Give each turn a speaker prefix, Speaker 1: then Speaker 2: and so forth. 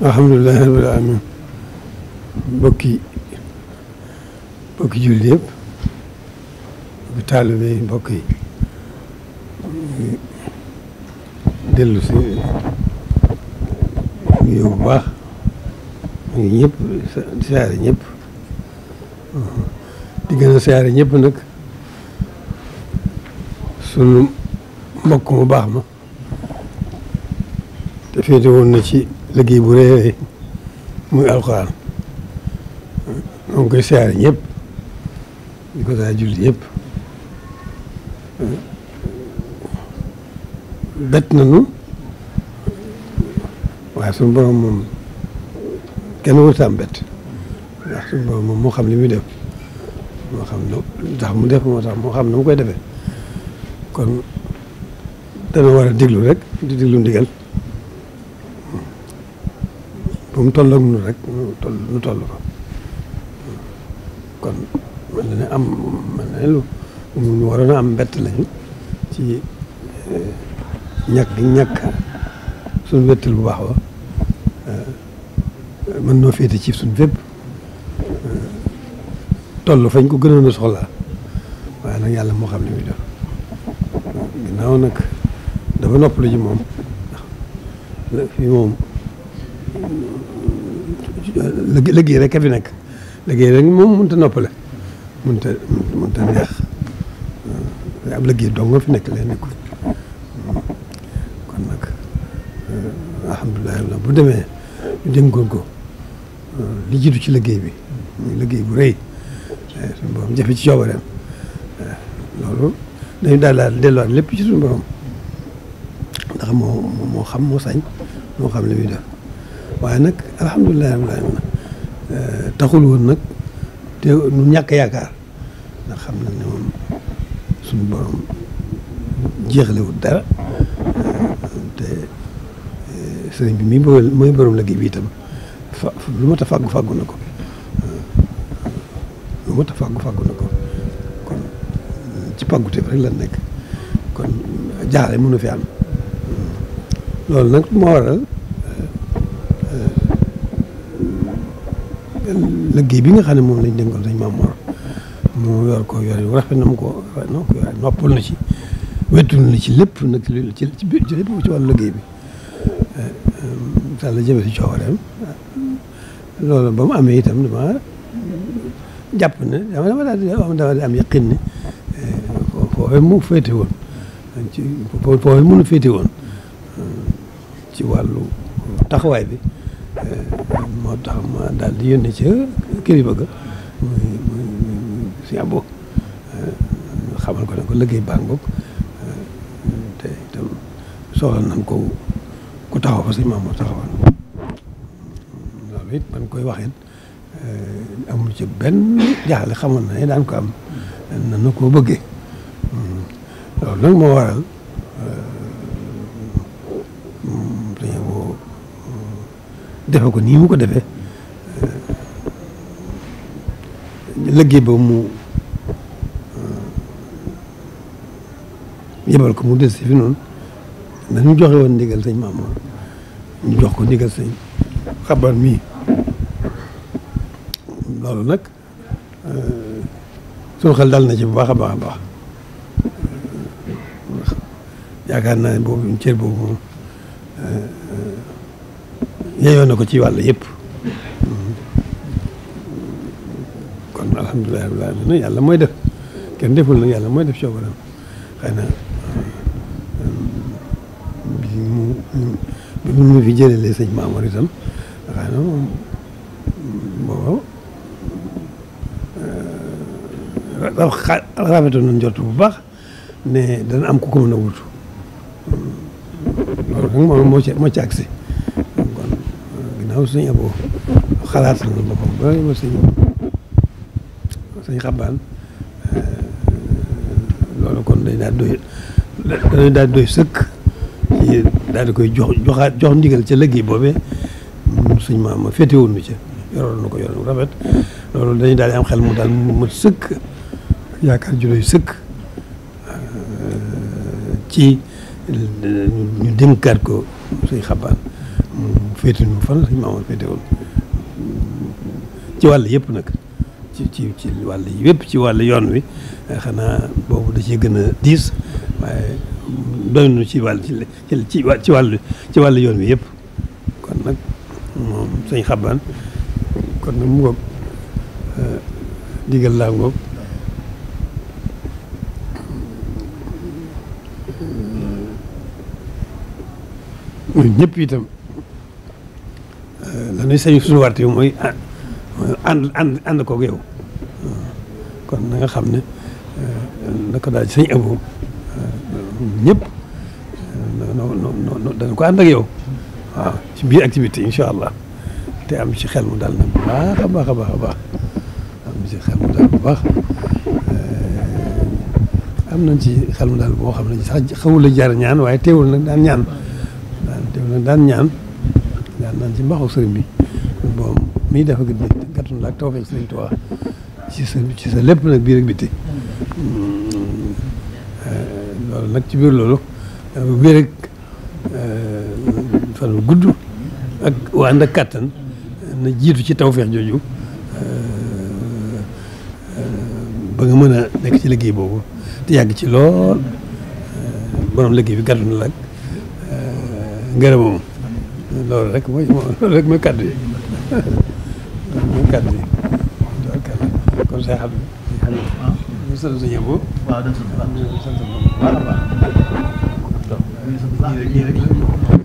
Speaker 1: alhamdulilah rabbil alamin bokki bokki jullit yëpp bokki taalibe yi bokk yi dellu si yow bu baax ñu ngi ñëpp di siyaare ñëpp di gën a siyaare ñëpp nag sunu mbokk mu baax ma te ci liggéey bu réeré muy alxuraan moo ngi koy siyaare ñëpp di ko daa julli ñëpp dat nañu waaye suñu borom kenn wërta am bet ndax suñu borom moom xam li muy def moo xam tax mu def moo tax moo xam na mu koy defee kon dana war a déglu rek di déglu ndigal ba mu toll ak ñun rek ñu toll fa kon mel na ne am mel na ne lu ñu waroon a am mbett lañu ci eh, ñàkk gi ñàkk suñu wettil bu baax wa eh, mën noo féete ci suñu fépp eh, toll fañ ko gënoon a soxlaa waaye nag yàlla moo xam ne muy def ginnaaw nag dafa noppalu ji moom fii moom liggéey rek a fi nekk liggéey rek moom mënut a noppale mënut a neex ab liggéey dong nga fi nekk leen nekkul kon nag eh, alhamdulilah bu demee ñu dénkoon ko eh, li jiitu ci liggéey bi muy liggéey bu rëy eh, suñu jafe ci coobareem loolu dañu daal daal delluwaat lépp ci suñu borom ndax moo moo xam moo sañ moo xam li muy waaye nag alhamdulilah rabbil alamin taxul woon nag te nu ñàkk yaakaar ndax xam nañ ne moom suñu borom jeexlewul dara te sëriñ bi mii mooy borom liggéey bi itam fa lu ma ta fàggu fàggu na ko lu ma ta fàggu fàggu na ko kon ci pàggute rek la nekk kon jaaxle mënu fi am loolu nag moo waral liggéey bi nga xam ne moom lañ dénkoon sëñ Maam Mor mu yor ko yor yu rafet na mu ko noppal na ci wettul na ci lépp nag ci ci lépp ci wàllu liggéey bi sàlla jëme si coowareem loolu ba mu amee itam dama jàpp ne dama dama daal di am dama di am yaqin ne foofee mu féete woon ci foofee mënu féete woon ci wàllu taxawaay bi moo tax ma daal di yónnee ca kilifa ga muy muy si àbbo eh, xamal ko ne ko liggéey baa ngoog eh, te itam soxla nañ ko ku taxaw a si maam moo taxawoon loolu it man koy waxee eh, amul ci benn jaaxle xamoon na ne daan ko am na ko bëggee hmm, loolu nag moo waral. defe ko nii mu ko defee liggéey ba mu yebal ko mu des si fi noonu dañu joxe woon ndigal sëñ Maamoor ñu jox ko ndigal sëñ xabaar mii loolu nag suñu xel dal na ci bu baax a baax a baax yaakaar naa ne boobu cër boobu moom yeyoo na ko ci wàll yëpp kon alhamdulilah rabbil alamin yàlla mooy def kenn deful nag yàlla mooy def coobaram xëy na euh, bi mu bi mu fi jëlelee sëñ Maamoor itam xëy na euh, rafetoon nañ jot bu baax ne dana am ku ko mën a moo moo moo ci agsi ginnaaw sëñ aboo xalaat na boppam ba ma sëñ sëñ xabaan loolu kon dañ daal doy dañ daal doy sëkk ci daal di koy jox joxaat jox ndigal ca liggéey boobee suñ maam ma féete woon nu ca yoroon na ko yoroon rafet loolu dañu daal di am xel mu daal mu sëkk yaakaar ju doy sëkk ci ñu dénkaat ko suñ xabaan féete nu fan suñu maamoon féete woon ci wàll yëpp nag ci ci ci wàll yëpp ci wàll yoon wi eh, xanaa boobu da ciy gën a diis waaye doy nu ci wàll ci ci wàll yoon wi yëpp kon nag moom sañ xabaan kon nag mu ngoog eh, digal laa ngoog ñun itam la ñuy sañu suñu warte yi mooy ànd ànd kon na xam ne euh, na ko daal ci sañ abo euh, ñëpp euh, no dañ ko ànd ak yow waaw ci biir activité incha allah te am ci xel mu dal na baax a baax a baax a ci xel mu daal bu baax am nañ boo xam ne sax xawul la jar ñaan waaye teewul nag daan daan teewul ñaan yaakaar naan ci mbaxu sëriñ bi moom mii dafa gàttoon la ak tawfeex sëriñ Tuubaa ci sa lépp nag biir ak bitti mm. mm. euh, loolu nag ci biir loolu wér ak euh, fan gudd ak waa ànd ak kàttan na jiitu ci tawfeex jooju euh, ba nga mën a nekk ci liggéey boobu te yàgg ci lool borom liggéey bi gàttu na ak ngërëmam lool rek mooy loolu rek mooy kaddu yi loolu mooy kaddu yi kon say xam ñu sant sa ñëpp.